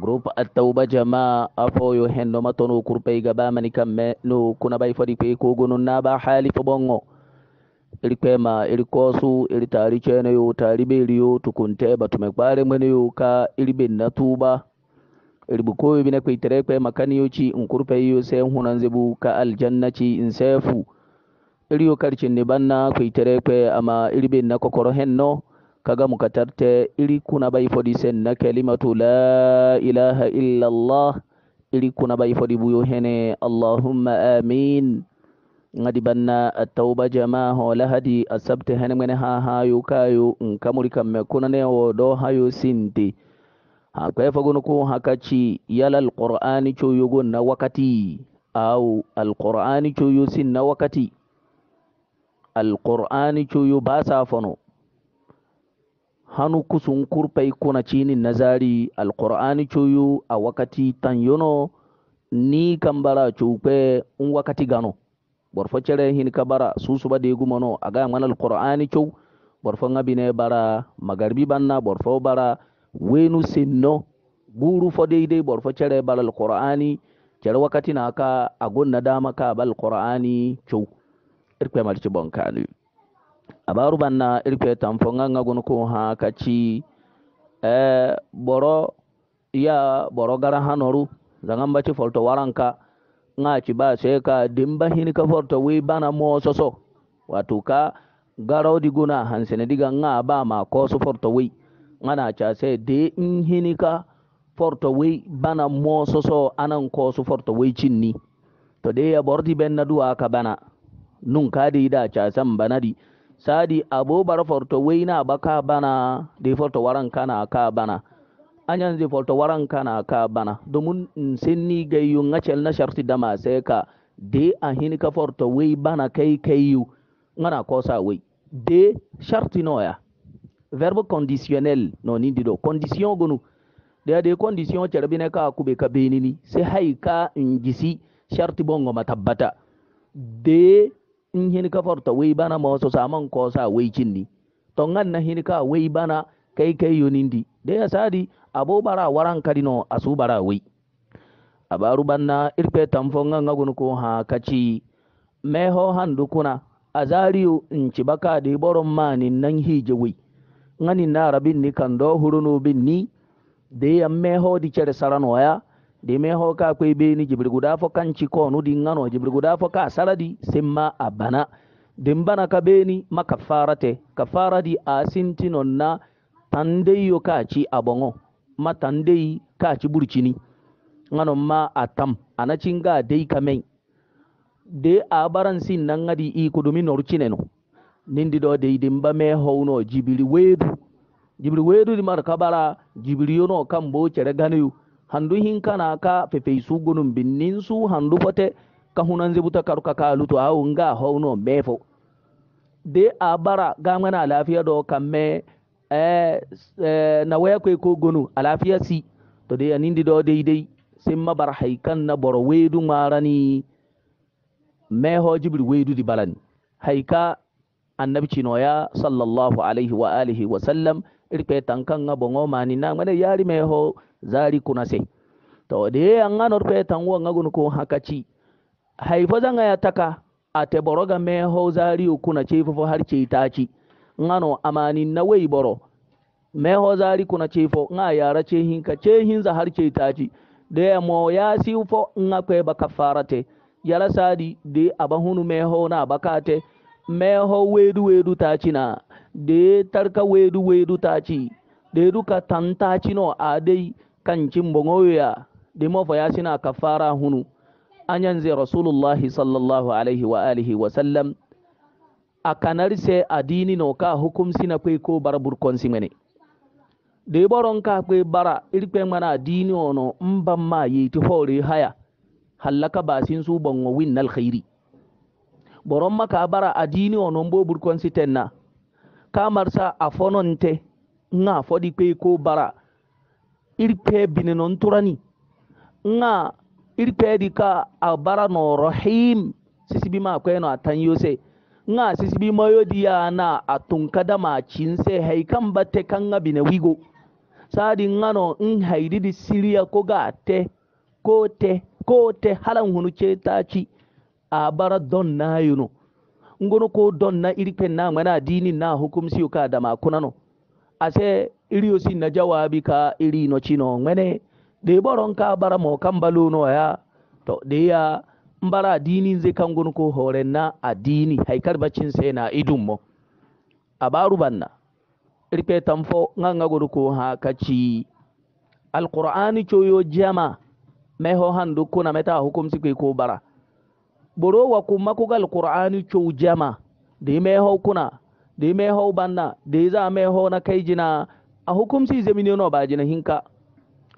groupe attawba jama afoyo henno matono kurpayga bamani kamme no kuna bay fadi kuye kogonon naɓa haali fo ɓongo eri kwema eri koosu eri taari ceenoyo taari ɓeeriyo tukunte batume kpaare mweneyo ka eri ɓenna tuuɓa eri ɓe koyo ɓine kwey tere kwema kaniyoci n kurpeyyo se n hunanzebu ka aljannaci n seefu eriyo karcinni ɓanna kwey tere kwe ama eri ɓenna kokoro henno kaga mukatarte ili kuna baifodi senna kelimatu la ilaha illa allah ili kuna baifodi buyo hene allahumma amin ngadi banna attauba jama hola hadi asabte hene mwene ha hayu kayu nkamulika mekuna kunane do sinti ha fagunuku hakachi ko hakaci yala alqur'ani coyogon na wakati au al coyo sin na wakati القرآن coyo basa hanu kusun kurpai kuna chini nazari alqur'ani choyu a wakati tanyono ni kambara chukpe un wakati gano borfo cere hin kabara susuba degu mono aga ngana alqur'ani chow borfo ngabine bara magarbi banna borfo bara wenu sinno buru fo deidei borfo cere bara alqur'ani cere wakati na agonna dama ka bal qur'ani chow irkwe malci bonkani abaru na irpe tampo nganga gun ko ha ka ci e, boro ya boro gara hanoru zangamba ci folto waranka nga ci ba sai ka dimba hini ka folto wi bana mo soso watu ka garau di guna hansene diga nga ba ma ko su folto wi ngana cha sai de in hini ka folto wi bana mo soso anan ko su folto wi cinni to de ya bordi ben na duwa ka bana nun ka di da ca san bana di sadi abobar farto n'a ba ka bana de farto waran kana ka bana anyan de farto waran kana ka bana domin in senni gayu ngacel na sharti dama sai ka de a hin ka farto wai bana kai kayu ngana ko sa wai de sharti noya verbe conditionnel no ni dido condition gonu de de condition cerbine ka ku be ka benini sai hay ka in gisi sharti bongo matabbata de in hin ka farta wai bana ma wasu saman ko sa wai kinni to ngan na hin ka wai bana kai kai yonindi de ya sadi abo bara waran kadino asu bara wai abaru banna irfe tamfo ngagun ko ha kaci meho handu kuna azariyo in ci baka da boron mani nan hije wai ngani na rabin ni kan do huruno bin ni de ya meho di cere sarano ya de me ho ka kwe be ni jibri guda fo kan ci ko nu di ngano jibri guda fo ka saradi simma abana din bana ka be ni makafarate kafara di asinti nonna tandei yo ka ci abongo ma tandei ka ci burcini ngano ma atam ana cinga dei kamen de a sin nan ngadi i kudumi norcine no nindi do de dimba me howno jibiri wedu jibiri wedu di mar kabara jibiri yo no kambo cere ganiyu handu hinkana ka fefeisugonum binninsu handu fote ka hunanzebuta karuka kaluto awunga howno mefo de a bara gamana alafiya ɗo kamme eh, eh, nawaya kue ko gonu alafiya si to de anindi ɗo deidei simma bara haykanna boro weedu marani meho jibri weedudi balani hayka annabci noya sallallahu alaihi wa alihi wa sallam irpe tankan ga bongo mani na ngane yari me ho zari kuna se to de an ngano tanwa tanwo ngagun ko hakaci haifo zanga ya taka a te ga me ho zari kuna ce fofo har ce taci ngano amani na wei boro me ho zari kuna ce fo nga yara ce hin ka ce hin za har ce taci de mo ya si fo nga kwe ba kafarate yara sadi de abahunu me ho na bakate meho wedu wedu ta ci na de tarka wedu wedu ta da ya duka tanta chino adai kanci mbongoya de mofo ka fara hunu An yanzu rasulullahi sallallahu alaihi wa alihi wa sallam a kanar se adini no ka hukum sina kwe ko bar burkon da ya baron ka kwe bara irpe mana adini ono mbamma yiti hore haya hallaka basin su bongo winnal khairi boron maka bara adini onon bo burkon siten na kamar sa a fononte nga fodi pe ko bara irpe binenon turani nga irpe di ka a bara no rahim sisibi ma kweno atan yose nga sisibi mayo ya na atunka da macin sai haikan batte kan nga bine wigo sadi ngano in haididi di siriya ko ga te ko te ko te halan hunu ce ta ci abara don na no, ngono ko don na irpe na mana dini na si uka da makuna no ase iriyo si na jawabi ka iri no chino ngene de boron ka bara mo kambalo no ya to de ya mbara dini ze kan gono ko hore na adini haikar bacin se na idun mo abaru banna irpe tamfo nganga gono ko ha kaci alqur'ani choyo jama meho handu kuna meta si ko bara boro wa ku makugal qur'ani cow jama de me ho kuna de me ho banna de za me ho na kai jina a hukumsi zemine no ba jina hinka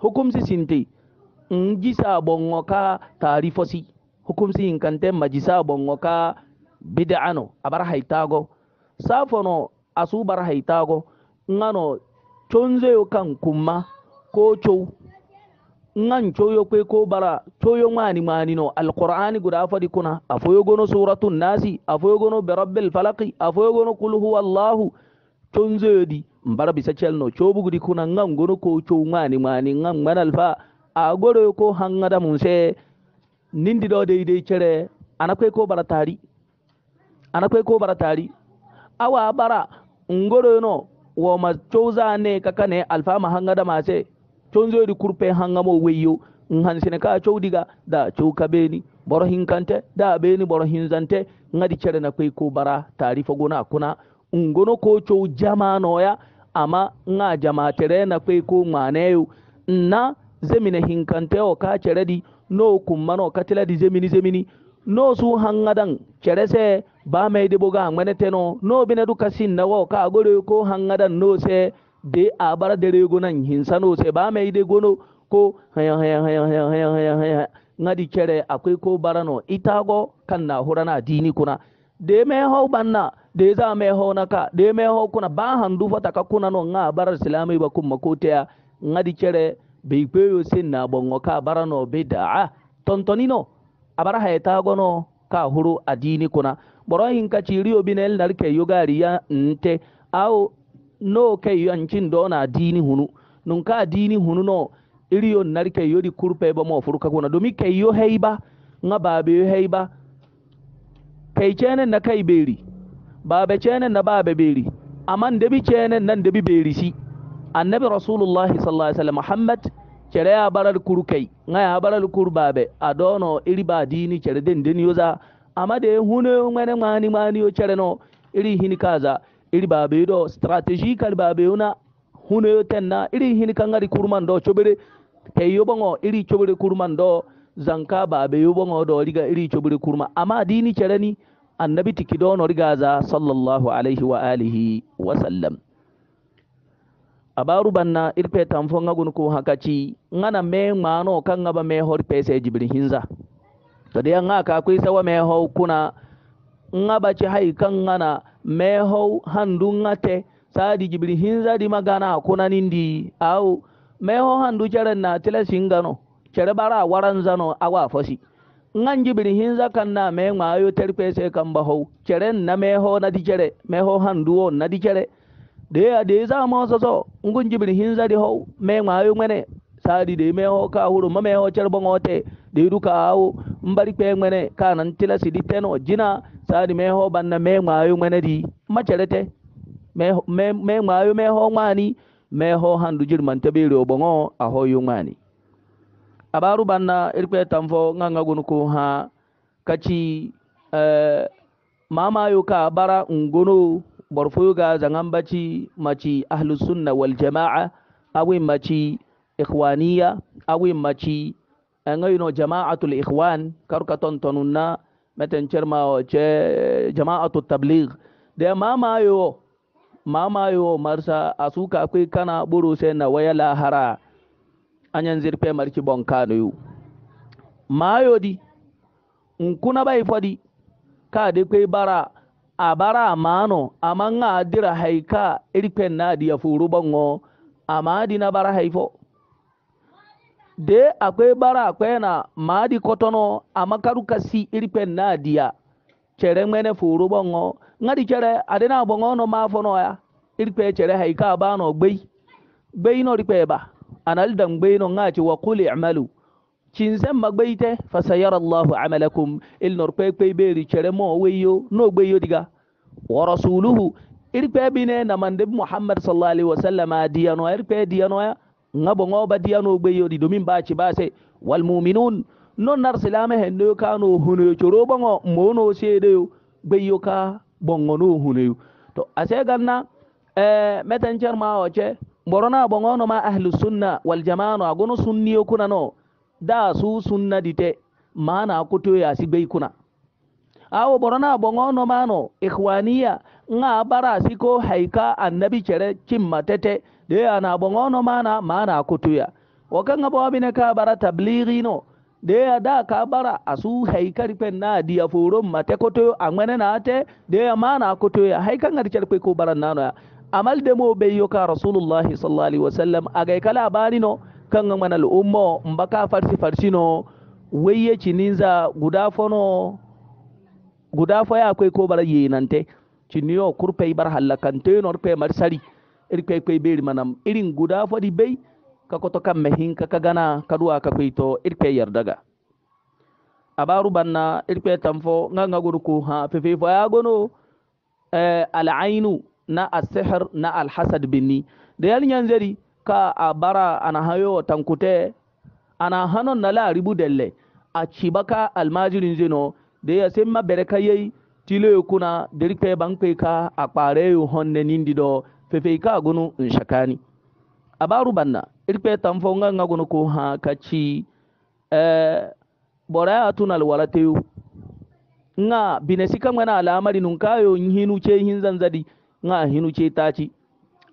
hukumsi sinti, ngisa bongo ka tarifosi hukumsi hinkante majisa bongo ka bid'ano abar haitago safono asu bar haitago ngano chonzo kan kuma ko cow ngan coyo kwe ko bara coyo mani mani no alqur'ani guda fadi kuna afoyo gono suratun nasi afoyo gono bi rabbil falaqi afoyo gono qul huwallahu conzedi mbara bisa no cobu gudi kuna ngan gono ko cow mani mani ngan manal fa a goro ko hangada mun se nindi do dai dai cere anakwe ko bara tari anakwe ko bara tari awa bara ngoro no wo ma cow ne kakane alfa ma hangada ma se conzoyri kurpe hangamo weyyo hansine ka diga da cow ka ɓeeni boro kante da beni boro ngadi gadi na koy ko bara tarifa gona kuna ngono ko cow jamanoya ama nga jama na koy ko maneyo na zemine kante o ka di no ka tela di zemini zemini no su hangadan se ba meyde boga teno no bine du wo ka gore ko hangadan no se de a bara dere gonan hinsano sai ba mai de gono ko haya haya haya haya haya haya haya ngadi kere akwai ko barano itago kan na hurana dini kuna de me ho banna de za me ho naka de me ho kuna ba handu fata ka kuna no nga bar islami ba kuma kotea ngadi kere be peyo sin na bongo ka barano bid'a tontonino abara haya tago no ka huru adini kuna boro hin ka ciriyo binel narke yogari ya nte au no kai yankin dona dini hunu nun ka dini hunu no iri narke yori kurpe ba mo furuka kuna domi kai yo heiba nga baabe yo heiba kai chenen na kai beri baabe chenen na baabe beri aman debi chenen nan debi beri si annabi rasulullahi sallallahu alaihi wasallam muhammad kere ya barar kurkai nga ya barar kurbabe adono iri ba dini kere den den yoza amma da ya hune ngane mani mani yo kere no iri hinikaza kaza iri babe do strategical babe una huno yoten na iri hin kangari kurman do chobere te o iri chobere kurman do zanka yobon o do riga iri chobere kurma amma dini cerani annabi tiki do no riga za sallallahu alaihi wa alihi wa sallam abaru banna irpe tamfo ngagun ko hakaci ngana me ngano kanga ba me hor pese jibrin hinza to de nga ka kwisa wa me ho kuna ngaba ba ci hay kan ngana mehow handu ŋate saadi jibri hinzadima gana kunanindi aw meho handu cere na tile singano cere bara waranzano awa fosi ŋan jibri hinza kanna me ŋayo terpese kamba how cere na meho nadi cere meho handu o nadi cere de a de zamososo ŋgun jibri hinzadi how me ŋayo ŋene saadi de meho ka huru ma meho cerbo ŋote deduka aw mbari kpe ŋmene kana ntila sidi teno jina sadi meho banna me ŋmayo ŋmene di macerete me ŋmayo meho ŋmani meho handu jirmante beri o aho yu ngwani. abaru banna irkpe tanfo ŋaŋa gunu ko ha kaci eh, mama mamayo ka bara ngono borfoyo ga zangan baci maci ahlusunna waljamaa awin maci ikhwaniya awi maci ngayno jama'atul ikhwan karka ton tonunna meten cerma che jama'atul tabligh de mama yo marsa asuka akwai kana buru sai na waya lahara anyan zirpe marki bonkano yu mayo di nkuna bai fodi ka de kai bara a bara mano amanga adira haika irpen na ya furu bongo amadi na bara haifo de akwai bara akwai na maadi kotono si kasi na diya. chere mene furu bongo ngadi chere adena bongo no mafono ya iripe chere haika bano gbei gbei no ripe ba anal dan gbei no ngachi wa qul i'malu cinsen magbeite fasayara allahu amalakum il nor pe kwe beri chere mo weyo no gbeyo diga wa rasuluhu iripe bine na mandib muhammad sallallahu alaihi wasallam adiyano iripe diyano ya ngabo ngoba diyano gbe yodi domin ba baci base wal mu'minun non nar silama henno kano huno choro bongo mono sedeyo gbe yoka bongo no huno to ase ganna eh meten ma oche borona bongo no ma ahlu sunna wal jamaa no agono sunniyo kuna no da su sunna dite mana kuto ya si gbe kuna awo borona bongo no mano ikhwaniya nga bara ko haika annabi chere cimma tete ye ana bongono mana mana akutuya wakanga bobine ka bara tablighi no de ya da ka bara asu haikari pen na diya foron mate a angmene na ate de ya mana haikan haikangar cerpe ko bara nano ya amal de mo be yo ka rasulullah sallallahu alaihi wasallam agai kala bani no kan ngman al ummo mbaka farsi farsi no weye chininza guda fono guda foya akwai ko bara yinante chiniyo kurpe bar halakante nor pe marsari iri kwaikwai beri manam irin guda fadi bai ka koto kan mahin ka gana ka duwa ka kwaito iri kwai yardaga abaru banna iri kwai tamfo nga nga gurku ha fefe fo ya gono eh, ainu na asihir na alhasad binni da yal nyanzari ka a bara ana hayo tankute ana hanon na la ribu delle a cibaka almajirin zino da ya sai mabere ka yayi tilo kuna da rikpe ban ka a kware honne nindido fefe ka gunu in shakani baru banna irpe tamfo nga nga gunu ko ha kaci eh bora atuna alwalateyu nga binesi kam ngana alamari nun kayo hinu ce hin zanzadi nga hinu ce taci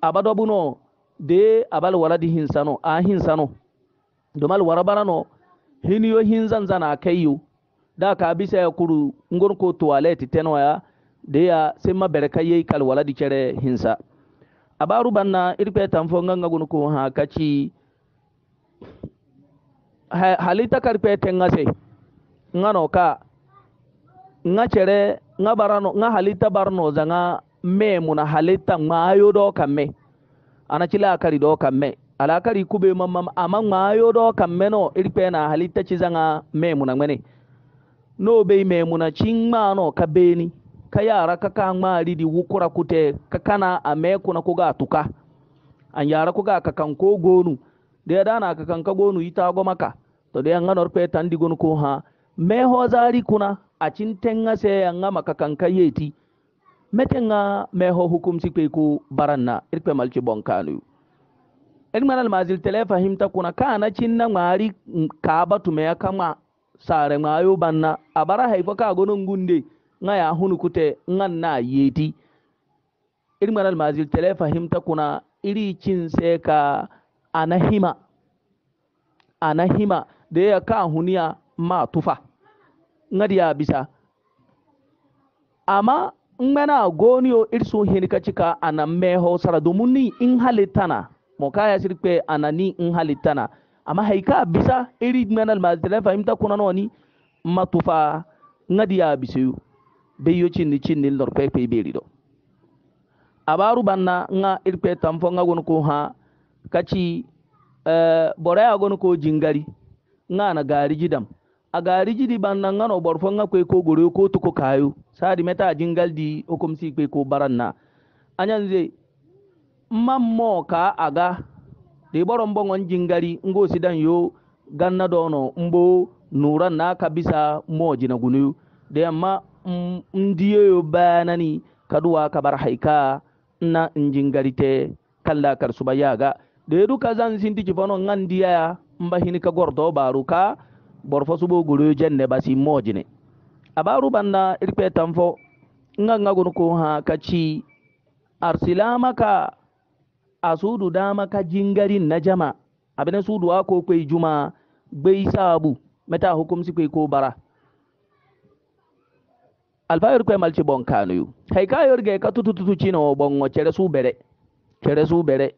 abado buno de abal waladi hin sano a hin sano domal warabara no hiniyo hin zanzana kayo da ka bisa ya kuru ngon ko toilet tenoya ya de ya sai mabarka kal waladi di kere hinsa abaru banna irfe tamfo nganga gunu ko ha kaci halita ten ngase ngano ka nga chere nga barano nga halita barno zanga me muna halita mayo do kamme ana chila kari do kamme ala kari kube mamam ama mayo do kamme no irpe na halita chizanga me muna ngene no be me muna chingma no kabeni ka yara ka ka di wukura kute ka kana a me kuna tuka an yara kuga ka kan ko gonu da dana ka kan ka gonu ita go maka to da yanga norpe di gonu ko ha me ho zari kuna a cin tenga se yanga maka kan ka yeti metenga me ho hukum si pe ku baranna irpe malci bonkanu en manal mazil tele fahimta kuna kana cin na ŋmaari ka batu me kama sare ŋmayo banna abara haifaka haifo ngunde. gunde nga ya hunu kute nga na yeti iri manal mazil tele fahimta kuna iri cin sai ka anahima anahima da ya ka huniya ma tufa nga diya bisa amma ngana goniyo irso hini ka cika ana meho sara domin ni in halittana mo kaya sirpe ana ni in halittana amma haika bisa iri manal mazil tele fahimta kuna no ni matufa nga diya bisayu be yo cinni cinni lor pe pe beri do abaru banna nga irpe tamfo nga gon ko ha kaci eh boraya gon ko jingari nga na gari jidam a gari jidi banna nga no borfo nga kwe ko gore ko to ko kayo sadi meta jingal di hukum si kwe ko baranna anyanze mammo ka aga de boron bongon jingari ngo sidan yo ganna dono mbo nuran na kabisa mo jina gunu da ma. ndiyoyo banani kaduwa bar haika na injingarite kalla karsuba yaga dedu kazan sinti cifono ngan diyaya mba hini ka gorto baru ka borfo subo goroyo jenne basi mojine abaru banda irpe tanfo nga nga ko ha kaci arsilama ka asudu dama ka jingarin na jama abin sudu ko kai juma bai sabu mata hukumsi kai ko bara alfayar kwe malci bon kanu yu kai ka yorge ka tutututu cino wa cere su bere cere su bere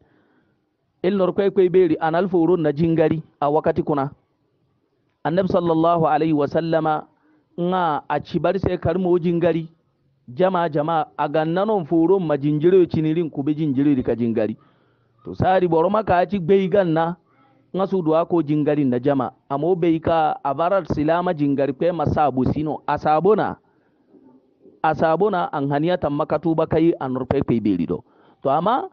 il nor kwe kwe beri an alfuru na jingari a wakati kuna annabi sallallahu alaihi wa sallama nga a cibar sai karmo jingari jama jama a gannanon furun ma jinjire cinirin kube jinjire ka jingari to sari boro maka ci bai ganna nga su duwa ko jingari na jama amo bai ka barar silama jingari kwe masabu sino asabona asabona an haniya tamma katuba kayi a norpe pey beri ɗo to amma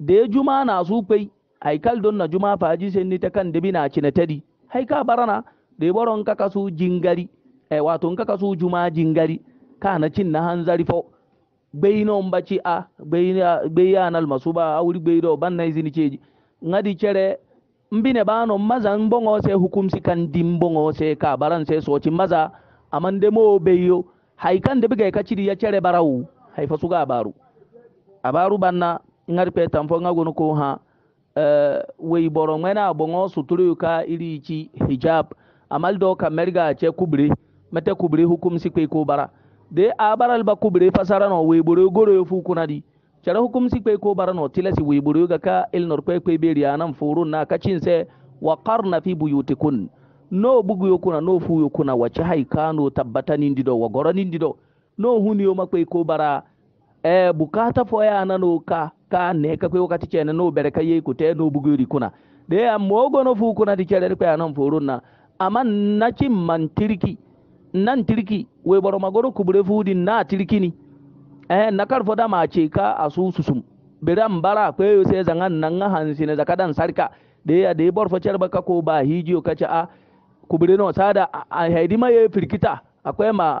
de juma nasu pey haykal don na juma faji sennite kan debi na cine tedi hay ka barana de boro n kaka su jingari e wato n kaka su juma jingari kana cin na hanzari fo gbeyino n baci a gbeyi analmasuba a wuri gbeyido banna izini ceji ngadi cere mbine bano maza n bongo se hukumsi kan dim bongo se ka baran se soci maza amande mo beyo haikan da bigai ciri ya cere barau haifa suga baru abaru banna har pe tamfo gonu ko ha eh wei boro mena bongo suturu ka iri ci hijab amal do ka merga ce kubri mate kubri hukum si ko bara de abaral ba kubri fasara no wei boro goro yo fu kunadi cara hukum si ko bara no tilasi wei boro ga ka il nor kwe kwe beri anan furun na kacin se wa qarna fi buyutikun no bugu yokuna no fu yokuna wace haikano wa ndido wagorani ndido no huni yo makwe ko bara e bukata ya nanu ka ka ne ka kwe wakati chene no yi ye te no bugu yori kuna de amogo no fu kuna di chere kwe anan furun na amma naci mantirki nan tirki we boro magoro kubure di na tirki ni eh na karfo da ma ce ka asususum biran bara kwe yo sai zangan nan hansi ne zakadan sarka de ya de bor fa cerba ka ko ba hijiyo kace a Kubure no sada a haidi ma ye firkita akwai ma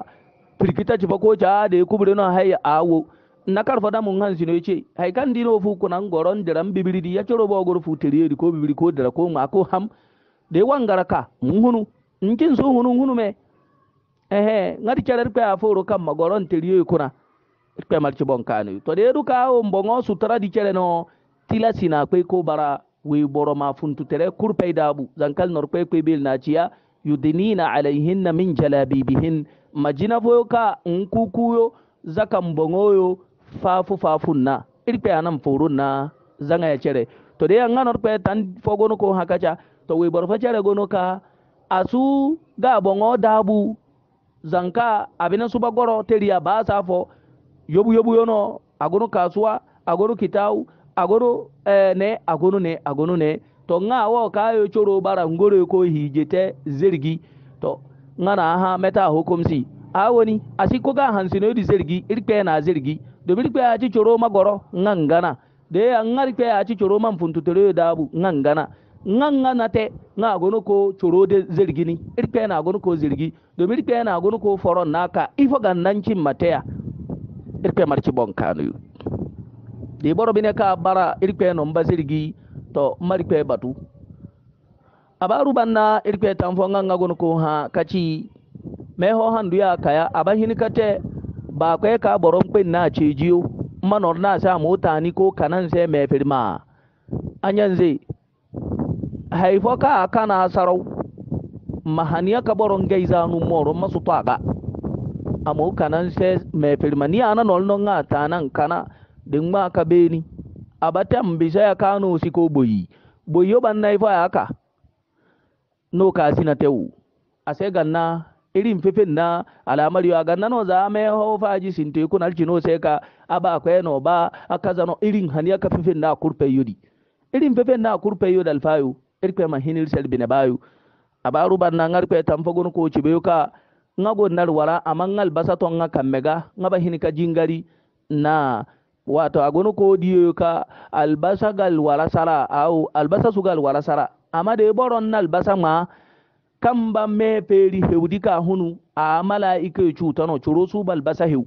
firkita ci ko ca da kubire no a awo na karfa da mun hansi no yace hay kan dino fu kuna goron diran bibiri di yace robo gor fu teriye ko bibiri ko dara ko ma ko ham de wangara ka mun hunu kin so hunu hunu me ehe ngati charar pe aforo kam ma goron teriye kuna pe marci bonkani to de ya duka o mbongo sutra di chere no tilasi na kwe ko bara wi boro ma funtutere kurpey daɓu zankal nor kwe kwe ɓel naciya yudinina na min jalabibihin majina foyo ka nkukuyo zakan bongoyo fafu fafun na irpe anan forun na zanga ya cere to de an ganor pe tan fogono ko hakacha to wi boro facere gono ka asu ga bongo dabu zanka abina suba goro teriya ba safo yobu yobu yono agono kasuwa agonu kitau agoro eh, ne agono ne agono ne to nga wo ka yo choro bara ngoro ko hijete zergi to na ha meta hukumsi awoni asiko ga hansi no di zergi irpe na zergi do birpe a ci choro magoro ngana de ya ngarpe a ci choro man tere da bu Nga ngana te nga agono ko choro de zergi ni irpe na agono ko zergi do birpe na agono ko foron naka ifo ga nancin mateya irpe marci bonkanu di boro bine ka bara irkwe no mbazirgi to marikwe batu abaru banna irkwe tamfo nganga gono ko ha kaci meho handu ya kaya abahin kate ba kwe ka boron kwin na cijiyo manor na sa mutani ko kanan se me firma anyan zai haifo ka kana sarau mahaniya ka boron gai zanu moro masu taga amu kanan se me firma ni ana nolnon nga tanan kana din ma ka beni abatam bisaya kano si ko boyi boyo ban nai fa aka no ka sina tewu ase ganna irin fefen na alamari a ganna no za me ho ji sinte kun alci no sai ka aba ko no ba aka zano irin haniya ka fefen na kurpe yudi irin fefen na kurpe yodi alfayo irpe ma hinil sel bine bayo abaru ban na ngarpe tamfagun ko cibeyo ka ngago nar wara amman albasa ton nga kammega ngaba hinika jingari na wato agonu ko diyo ka albasa gal wala sara au albasa su gal wala amma da boron na albasa ma kan ba me feri hewdi ka hunu a malaika cu tano curo su balbasa hew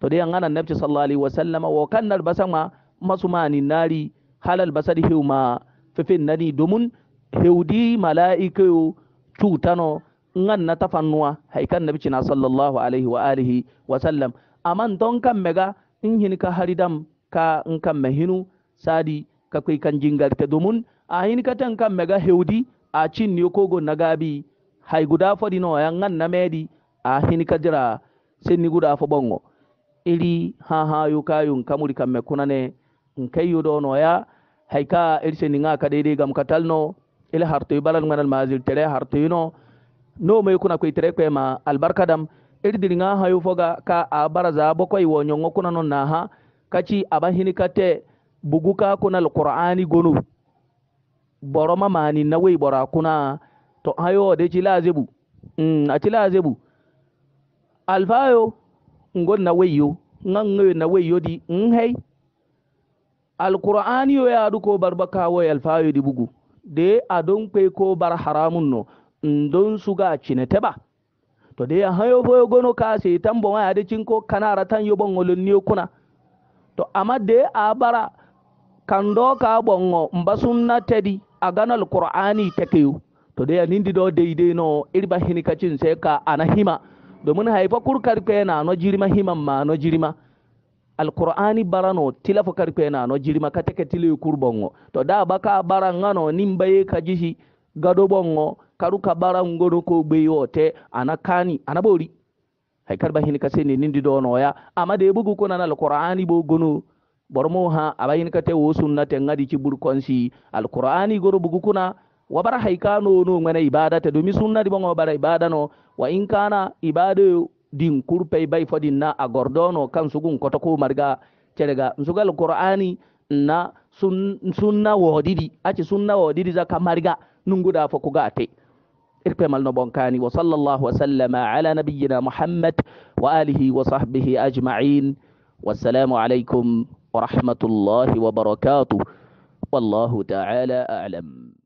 to dai an anan nabi sallallahu alaihi wasallam wa kan albasa ma masumani nari halal basari hew ma fefin nani domin hewdi malaika cu tano ngan na tafannuwa haikan nabi cina sallallahu alaihi wa alihi wasallam aman don kan mega in hin ka haridam ka in kan hinu sadi ka kai kan jingarta domin a hin ka tan kan mega heudi a cin ne kogo na gabi hay guda fodi no yan nan na medi a hin ka jira sen ni guda fo bongo iri ha ha yu kayun kamuri kan me kunane in kai yu do no ya hay ka irse ni nga ka dai gam katal no il harto balal ngal mazil tere harto no no mai kuna kai tere ma albarkadam iridiriŋa hayo foga ka a za bakwai wo nyongo kuna na ha kaci aba hini kate bugu kuna alqur'ani gonu boro mani na wei bora kuna to hayo de ci lazebu mm a ci lazebu alfayo ngon na weiyo ngan na yo di nhei alqur'ani yo yaadu ko barba wo alfayo di bugu de adon pe ko bar haramun no ndon suga cine teba to de hayo boyo gono ka se tambo ma ade cinko kanara tan yo bon ngolon ni kuna to amma de a bara kando ka bongo mba sunna tedi aganal qur'ani yo. to de indi do dai dai no irba hini cin sai ka anahima domin haifa karfe na no jirma himan ma no jirma alqur'ani barano tilafa karfe na no jirma ka take kur kurbongo to da baka bara ngano nimbaye ka jishi gado bongo karuka bara ngono ko gbeyote ana kani ana bori hay karba hin kase ne nindi do noya amma de bugu ko nan alqur'ani bo gono bormo ha abayin kate wo sunna sunnate ngadi ci bur konsi alqur'ani goro bugu kuna wa bara hay kano no ngana ibadata domi sunnadi bo bara ibada no wa in kana ibada din kurpe bay fodin na agordono kan sugun koto ko marga cerega nsugal qur'ani na sunna wodidi aci sunna wodidi zaka marga nunguda fo kuga ate إركم النبوكان وصلى الله وسلم على نبينا محمد وآله وصحبه أجمعين والسلام عليكم ورحمة الله وبركاته والله تعالى أعلم